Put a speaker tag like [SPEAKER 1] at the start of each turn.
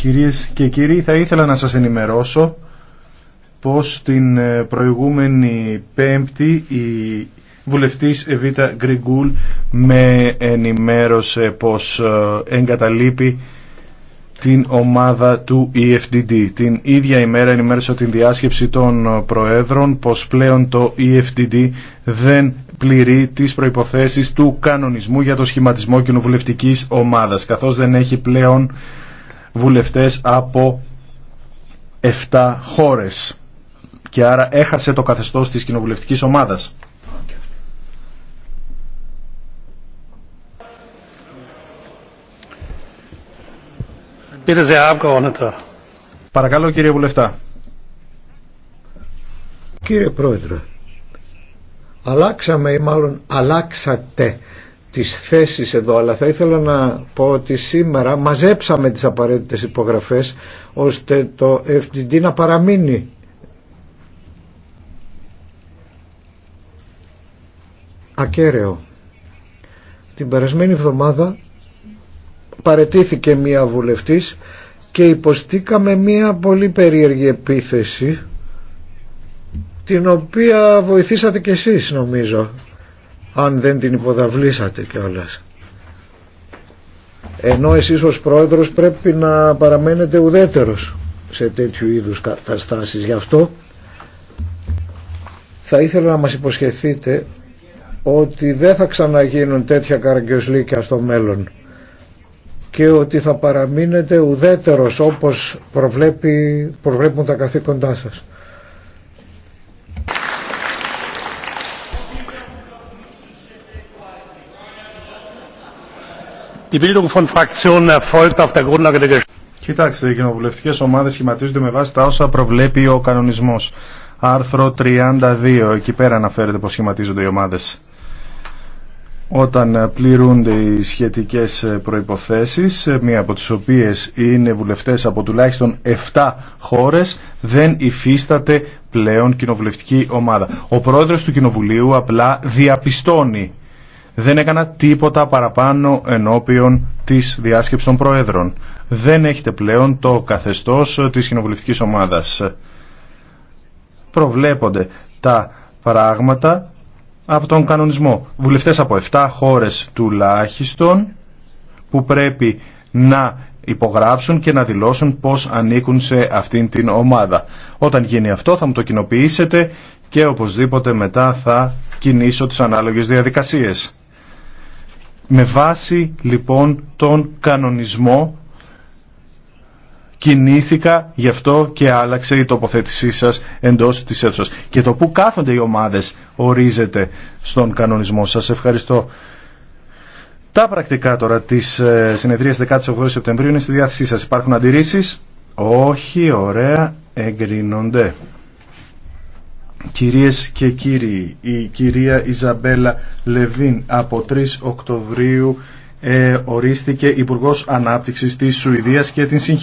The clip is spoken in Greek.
[SPEAKER 1] Κυρίες και κύριοι, θα ήθελα να σας ενημερώσω πως την ε, προηγούμενη πέμπτη η βουλευτής Εβίτα Γκριγκούλ με ενημέρωσε πως ε, εγκαταλείπει την ομάδα του EFDD. Την ίδια ημέρα ενημέρωσε την διάσκεψη των Προέδρων πως πλέον το EFDD δεν πληρεί τις προϋποθέσεις του κανονισμού για το σχηματισμό κοινοβουλευτικής ομάδας καθώς δεν έχει πλέον βουλευτές από 7 χώρες και άρα έχασε το καθεστώς της κοινοβουλευτικής ομάδας. Παρακαλώ κύριε Βουλευτά.
[SPEAKER 2] Κύριε Πρόεδρε, αλλάξαμε ή μάλλον αλλάξατε τις θέσεις εδώ αλλά θα ήθελα να πω ότι σήμερα μαζέψαμε τις απαραίτητες υπογραφές ώστε το FTD να παραμείνει ακέραιο. Την περασμένη εβδομάδα παρετήθηκε μία βουλευτής και υποστήκαμε μία πολύ περίεργη επίθεση την οποία βοηθήσατε κι εσείς νομίζω αν δεν την υποδαβλήσατε κιόλας. Ενώ εσείς ως πρόεδρος πρέπει να παραμένετε ουδέτερος σε τέτοιου είδους καταστάσεις. Γι' αυτό θα ήθελα να μας υποσχεθείτε ότι δεν θα ξαναγίνουν τέτοια καραγκιοσλίκια στο μέλλον και ότι θα παραμείνετε ουδέτερος όπως προβλέπει, προβλέπουν τα καθήκοντά σας.
[SPEAKER 1] Κοιτάξτε, οι κοινοβουλευτικές ομάδες σχηματίζονται με βάση τα όσα προβλέπει ο κανονισμό. Άρθρο 32, εκεί πέρα αναφέρεται πω σχηματίζονται οι ομάδε. Όταν πληρούνται οι σχετικές προϋποθέσεις, μία από τις οποίες είναι βουλευτές από τουλάχιστον 7 χώρες, δεν υφίσταται πλέον κοινοβουλευτική ομάδα. Ο πρόεδρος του Κοινοβουλίου απλά διαπιστώνει δεν έκανα τίποτα παραπάνω ενώπιον της διάσκεψης των Προέδρων. Δεν έχετε πλέον το καθεστώς της κοινοβουλευτικής ομάδας. Προβλέπονται τα πράγματα από τον κανονισμό. Βουλευτές από 7 χώρες τουλάχιστον που πρέπει να υπογράψουν και να δηλώσουν πως ανήκουν σε αυτήν την ομάδα. Όταν γίνει αυτό θα μου το κοινοποιήσετε και οπωσδήποτε μετά θα κινήσω τις ανάλογες διαδικασίες. Με βάση λοιπόν τον κανονισμό κινήθηκα γι' αυτό και άλλαξε η τοποθέτησή σας εντός της αίθουσας. Και το που κάθονται οι ομάδες ορίζεται στον κανονισμό. Σας ευχαριστώ. Τα πρακτικά τώρα της ε, συνεδρίας 18 Σεπτεμβρίου είναι στη διάθεσή σας. Υπάρχουν αντιρρήσεις. Όχι, ωραία, εγκρίνονται. Κυρίες και κύριοι, η κυρία Ιζαμπέλα Λεβίν από 3 Οκτωβρίου ε, ορίστηκε Υπουργός Ανάπτυξης της Σουηδίας και την